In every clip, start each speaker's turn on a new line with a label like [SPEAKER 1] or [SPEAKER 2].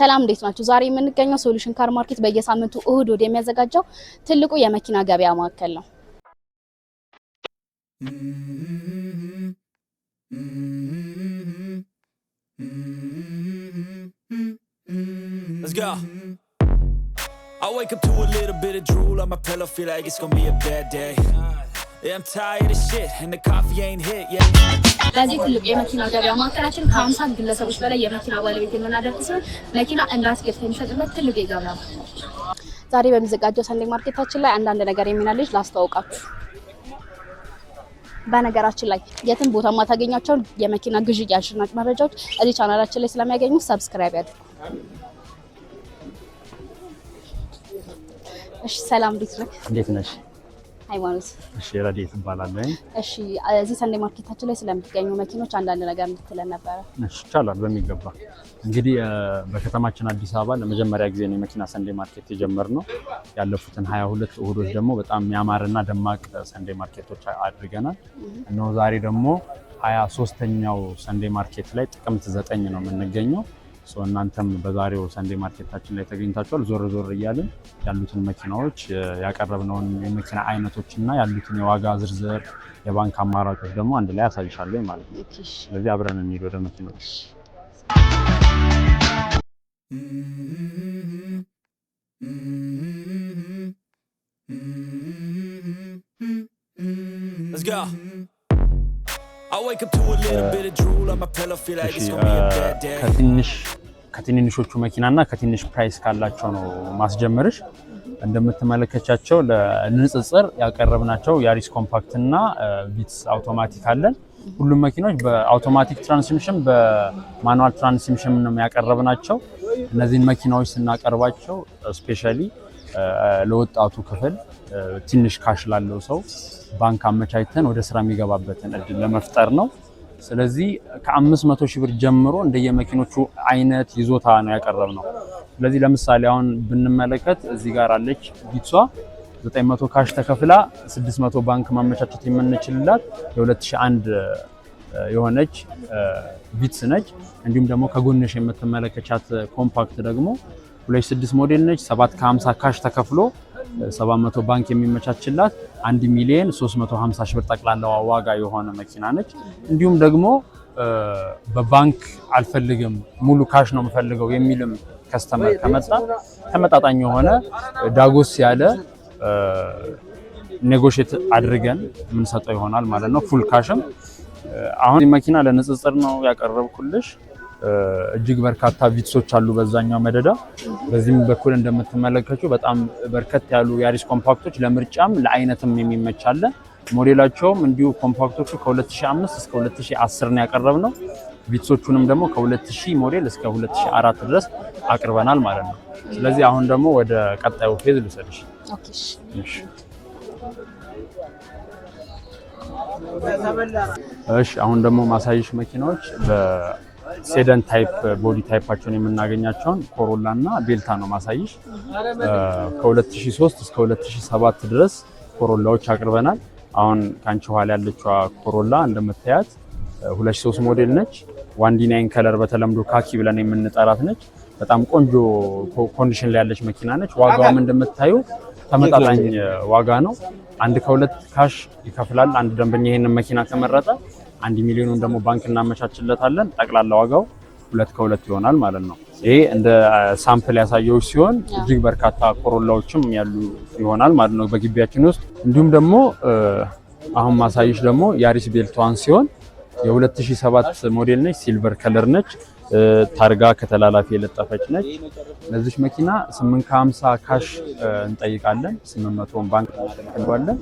[SPEAKER 1] ሰላም እንዴት ናችሁ ዛሬ የምንገኘው ሶሉሽን ካር ማርኬት በየሳምንቱ እሁድ ወደ የሚያዘጋጀው ትልቁ የመኪና ገበያ ማዕከል ነው።
[SPEAKER 2] I wake up to a little bit of drool on my pillow, feel like it's gonna be a
[SPEAKER 1] bad day. ለዚህ ትልቅ የመኪና ገበያ ማዕከላችን ከአምሳት ግለሰቦች በላይ የመኪና ባለቤት የምናደርግ ሲሆን መኪና እንዳስጌጥ የሚሸጥበት ትልቅ የገበያ ዛሬ በሚዘጋጀው ሰንዴ ማርኬታችን ላይ አንዳንድ ነገር የሚናለች ላስተዋውቃችሁ። በነገራችን ላይ የትም ቦታ ማታገኛቸውን የመኪና ግዥ አሸናጭ መረጃዎች እዚህ ቻናላችን ላይ ስለሚያገኙ ሰብስክራይብ ያድርጉ። እሺ፣ ሰላም፣ እንዴት ነህ? እንዴት ነሽ? ሃይማኖት
[SPEAKER 2] እሺ፣ ረድኤት እባላለሁ።
[SPEAKER 1] እሺ፣ እዚህ ሰንዴ ማርኬታችን ላይ ስለሚገኙ መኪኖች አንዳንድ ነገር እንድትለን ነበረ።
[SPEAKER 2] እሺ፣ ይቻላል በሚገባ እንግዲህ በከተማችን አዲስ አበባ ለመጀመሪያ ጊዜ ነው የመኪና ሰንዴ ማርኬት የጀመርነው። ያለፉትን ሀያ ሁለት እሁዶች ደግሞ በጣም የሚያማርና ደማቅ ሰንዴ ማርኬቶች አድርገናል። እነሆ ዛሬ ደግሞ ሀያ ሶስተኛው ሰንዴ ማርኬት ላይ ጥቅምት ዘጠኝ ነው የምንገኘው እናንተም በዛሬው ሰንዴ ማርኬታችን ላይ ተገኝታችኋል። ዞር ዞር እያልን ያሉትን መኪናዎች ያቀረብነውን የመኪና አይነቶች እና ያሉትን የዋጋ ዝርዝር፣ የባንክ አማራጮች ደግሞ አንድ ላይ አሳይሻለሁ ማለት ነው። ስለዚህ አብረን እንሂድ ወደ መኪናዎች። Uh, uh, ከትንንሾቹ መኪናና ከትንሽ ፕራይስ ካላቸው ነው ማስጀመርሽ። እንደምትመለከቻቸው ለንጽጽር ያቀረብናቸው ያሪስ ኮምፓክት እና uh, ቪትስ አውቶማቲክ አለን። ሁሉም መኪናዎች በአውቶማቲክ ትራንስሚሽን በማኑዋል ትራንስሚሽን ነው ያቀረብናቸው። እነዚህን መኪናዎች ስናቀርባቸው ስፔሻሊ ለወጣቱ ክፍል ትንሽ ካሽ ላለው ሰው ባንክ አመቻችተን ወደ ስራ የሚገባበትን እድል ለመፍጠር ነው። ስለዚህ ከ500 ሺህ ብር ጀምሮ እንደየመኪኖቹ አይነት ይዞታ ነው ያቀረብ ነው። ስለዚህ ለምሳሌ አሁን ብንመለከት እዚህ ጋር አለች ቢትሷ 900 ካሽ ተከፍላ 600 ባንክ ማመቻቸት የምንችልላት የ2001 የሆነች ቪትስ ነች። እንዲሁም ደግሞ ከጎንሽ የምትመለከቻት ኮምፓክት ደግሞ 2006 ሞዴል ነች። 7 ከ50 ካሽ ተከፍሎ 700 ባንክ የሚመቻችላት 1 ሚሊዮን 350 ሺህ ብር ጠቅላላ ዋጋ የሆነ መኪና ነች። እንዲሁም ደግሞ በባንክ አልፈልግም ሙሉ ካሽ ነው የምፈልገው የሚልም ከስተመር ከመጣ ተመጣጣኝ የሆነ ዳጎስ ያለ ኔጎሽት አድርገን የምንሰጠው ይሆናል ማለት ነው። ፉል ካሽም አሁን መኪና ለንጽጽር ነው ያቀረብኩልሽ። እጅግ በርካታ ቪትሶች አሉ በዛኛው መደዳ። በዚህም በኩል እንደምትመለከቱ በጣም በርከት ያሉ የአሪስ ኮምፓክቶች ለምርጫም ለአይነትም የሚመቻለ ሞዴላቸውም እንዲሁ ኮምፓክቶቹ ከ2005 እስከ 2010 ነው ያቀረብ ነው። ቪትሶቹንም ደግሞ ከ2000 ሞዴል እስከ 2004 ድረስ አቅርበናል ማለት ነው። ስለዚህ አሁን ደግሞ ወደ ቀጣዩ ፌዝ ልውሰድሽ። እሺ አሁን ደግሞ ማሳየሽ መኪናዎች ሴደን ታይፕ ቦዲ ታይፓቸውን የምናገኛቸውን ኮሮላ እና ቤልታ ነው ማሳይሽ። ከ2003 እስከ 2007 ድረስ ኮሮላዎች አቅርበናል። አሁን ከአንቺ ኋላ ያለችዋ ኮሮላ እንደምታያት 2003 ሞዴል ነች። ዋንዲናይን ከለር በተለምዶ ካኪ ብለን የምንጠራት ነች። በጣም ቆንጆ ኮንዲሽን ላይ ያለች መኪና ነች። ዋጋውም እንደምታዩ ተመጣጣኝ ዋጋ ነው። አንድ ከሁለት ካሽ ይከፍላል አንድ ደንበኛ ይሄንን መኪና ከመረጠ አንድ ሚሊዮኑን ደግሞ ባንክ እናመቻችለታለን። ጠቅላላ ዋጋው ሁለት ከሁለት ይሆናል ማለት ነው። ይሄ እንደ ሳምፕል ያሳየው ሲሆን እጅግ በርካታ ኮሮላዎችም ያሉ ይሆናል ማለት ነው በግቢያችን ውስጥ እንዲሁም ደግሞ አሁን ማሳይሽ ደግሞ ያሪስ ቤልቷን ሲሆን የ2007 ሞዴል ነች። ሲልቨር ከለር ነች። ታርጋ ከተላላፊ የለጠፈች ነች። ለዚች መኪና 850 ካሽ እንጠይቃለን። 800 ባንክ እንቀርባለን።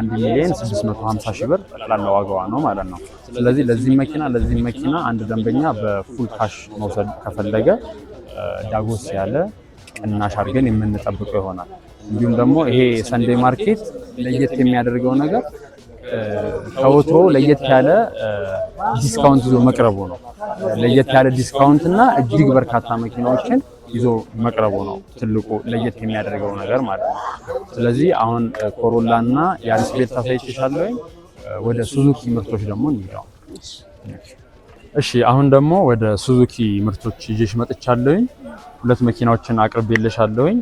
[SPEAKER 2] 1 ሚሊዮን 650 ሺህ ብር ጠቅላላ ዋጋዋ ነው ማለት ነው። ስለዚህ ለዚህ መኪና ለዚህ መኪና አንድ ደንበኛ በፉል ካሽ መውሰድ ከፈለገ ዳጎስ ያለ ቅናሽ አድርገን የምንጠብቀው ይሆናል። እንዲሁም ደግሞ ይሄ ሰንዴ ማርኬት ለየት የሚያደርገው ነገር ከወትሮ ለየት ያለ ዲስካውንት ይዞ መቅረቡ ነው። ለየት ያለ ዲስካውንት እና እጅግ በርካታ መኪናዎችን ይዞ መቅረቡ ነው ትልቁ ለየት የሚያደርገው ነገር ማለት ነው። ስለዚህ አሁን ኮሮላ እና የአዲስ ቤት ታሳይችሻለሁ። ወደ ሱዙኪ ምርቶች ደግሞ እንሄዳው። እሺ አሁን ደግሞ ወደ ሱዙኪ ምርቶች ይዤሽ መጥቻለሁኝ። ሁለት መኪናዎችን አቅርቤልሻለሁኝ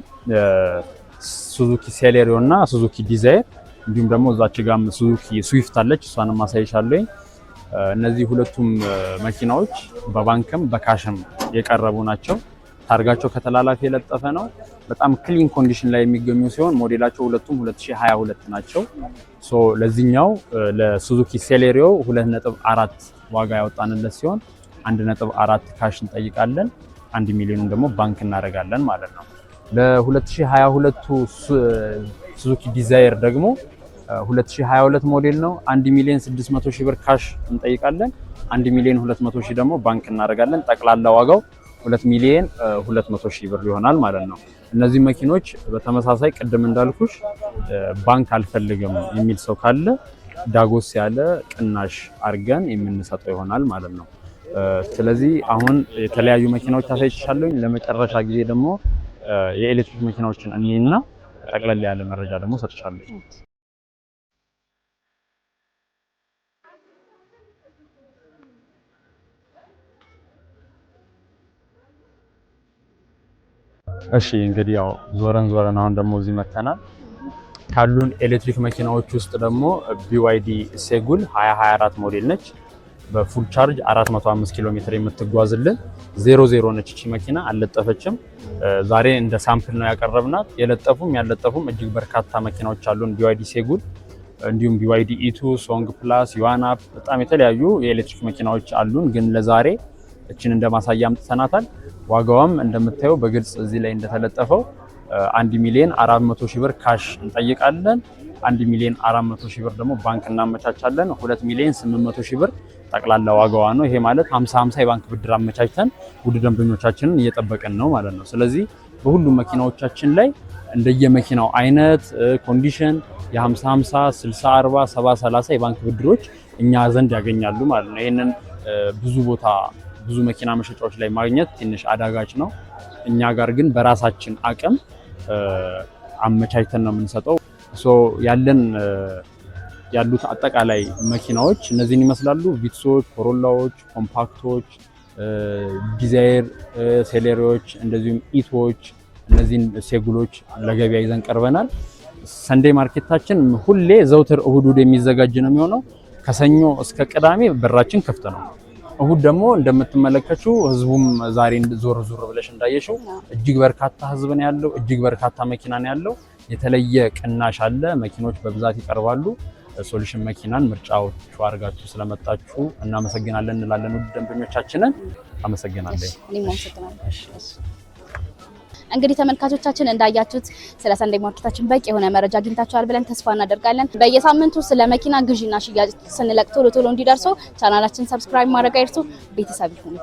[SPEAKER 2] ሱዙኪ ሴሌሪዮ እና ሱዙኪ ዲዛይር እንዲሁም ደግሞ እዛች ጋም ሱዙኪ ስዊፍት አለች፣ እሷንም ማሳይሻለኝ። እነዚህ ሁለቱም መኪናዎች በባንክም በካሽም የቀረቡ ናቸው። ታርጋቸው ከተላላፊ የለጠፈ ነው። በጣም ክሊን ኮንዲሽን ላይ የሚገኙ ሲሆን ሞዴላቸው ሁለቱም 2022 ናቸው። ሶ ለዚህኛው ለሱዙኪ ሴሌሪዮ 2.4 ዋጋ ያወጣንለት ሲሆን 1.4 ካሽ እንጠይቃለን። 1 ሚሊዮን ደግሞ ባንክ እናደርጋለን ማለት ነው። ለ2022 ሱዙኪ ዲዛይር ደግሞ 2022 ሞዴል ነው። 1 ሚሊዮን 600 ሺህ ብር ካሽ እንጠይቃለን። 1 ሚሊዮን 200 ሺህ ደግሞ ባንክ እናደርጋለን። ጠቅላላ ዋጋው 2 ሚሊዮን 200 ሺህ ብር ይሆናል ማለት ነው። እነዚህ መኪኖች በተመሳሳይ ቅድም እንዳልኩሽ ባንክ አልፈልግም የሚል ሰው ካለ ዳጎስ ያለ ቅናሽ አድርገን የምንሰጠው ይሆናል ማለት ነው። ስለዚህ አሁን የተለያዩ መኪናዎች ታሳይቻለሁኝ። ለመጨረሻ ጊዜ ደግሞ የኤሌክትሪክ መኪናዎችን እኔና ጠቅለል ያለ መረጃ ደግሞ ሰጥቻለሁ። እሺ እንግዲህ ያው ዞረን ዞረን አሁን ደግሞ እዚህ መተናል። ካሉን ኤሌክትሪክ መኪናዎች ውስጥ ደግሞ ቢዋይዲ ሴጉል 2024 ሞዴል ነች። በፉል ቻርጅ 405 ኪሎ ሜትር የምትጓዝልን ዜሮ ዜሮ ነች። እቺ መኪና አልለጠፈችም። ዛሬ እንደ ሳምፕል ነው ያቀረብናት። የለጠፉም ያልለጠፉም እጅግ በርካታ መኪናዎች አሉን። ቢዋይዲ ሴጉል እንዲሁም ቢዋይዲ ኢቱ፣ ሶንግ ፕላስ፣ ዮዋን በጣም የተለያዩ የኤሌክትሪክ መኪናዎች አሉን። ግን ለዛሬ እችን እንደ ማሳያ አምጥተናታል። ዋጋዋም እንደምታየው በግልጽ እዚህ ላይ እንደተለጠፈው አንድ ሚሊዮን 400 ሺህ ብር ካሽ እንጠይቃለን። አንድ ሚሊዮን 400 ሺህ ብር ደግሞ ባንክ እናመቻቻለን። 2 ሚሊዮን 800 መቶ ሺህ ብር ጠቅላላ ዋጋዋ ነው። ይሄ ማለት 50 50 የባንክ ብድር አመቻችተን ውድ ደንበኞቻችንን እየጠበቅን ነው ማለት ነው። ስለዚህ በሁሉም መኪናዎቻችን ላይ እንደየመኪናው አይነት ኮንዲሽን የ50 50 60 40 70 30 የባንክ ብድሮች እኛ ዘንድ ያገኛሉ ማለት ነው። ይህንን ብዙ ቦታ ብዙ መኪና መሸጫዎች ላይ ማግኘት ትንሽ አዳጋች ነው። እኛ ጋር ግን በራሳችን አቅም አመቻችተን ነው የምንሰጠው። ያለን ያሉት አጠቃላይ መኪናዎች እነዚህን ይመስላሉ። ቪትሶች፣ ኮሮላዎች፣ ኮምፓክቶች፣ ዲዛይር፣ ሴሌሪዎች እንደዚሁም ኢቶዎች እነዚህን ሴጉሎች ለገበያ ይዘን ቀርበናል። ሰንዴ ማርኬታችን ሁሌ ዘውትር እሁድ እሁድ የሚዘጋጅ ነው የሚሆነው። ከሰኞ እስከ ቅዳሜ በራችን ክፍት ነው። እሁድ ደግሞ እንደምትመለከችው ህዝቡም ዛሬ ዞር ዞር ብለሽ እንዳየሽው እጅግ በርካታ ህዝብ ነው ያለው። እጅግ በርካታ መኪና ነው ያለው። የተለየ ቅናሽ አለ። መኪኖች በብዛት ይቀርባሉ። ሶሉሽን መኪናን ምርጫዎቹ አድርጋችሁ ስለመጣችሁ እናመሰግናለን እንላለን። ውድ ደንበኞቻችንን አመሰግናለን።
[SPEAKER 1] እንግዲህ ተመልካቾቻችን እንዳያችሁት ስለ ሰንደይ ማርኬታችን በቂ የሆነ መረጃ አግኝታችኋል ብለን ተስፋ እናደርጋለን። በየሳምንቱ ስለ መኪና ግዢና ሽያጭ ስንለቅ ቶሎ ቶሎ እንዲደርሶ ቻናላችን ሰብስክራይብ ማድረግ አይርሱ። ቤተሰብ ይሁኑ።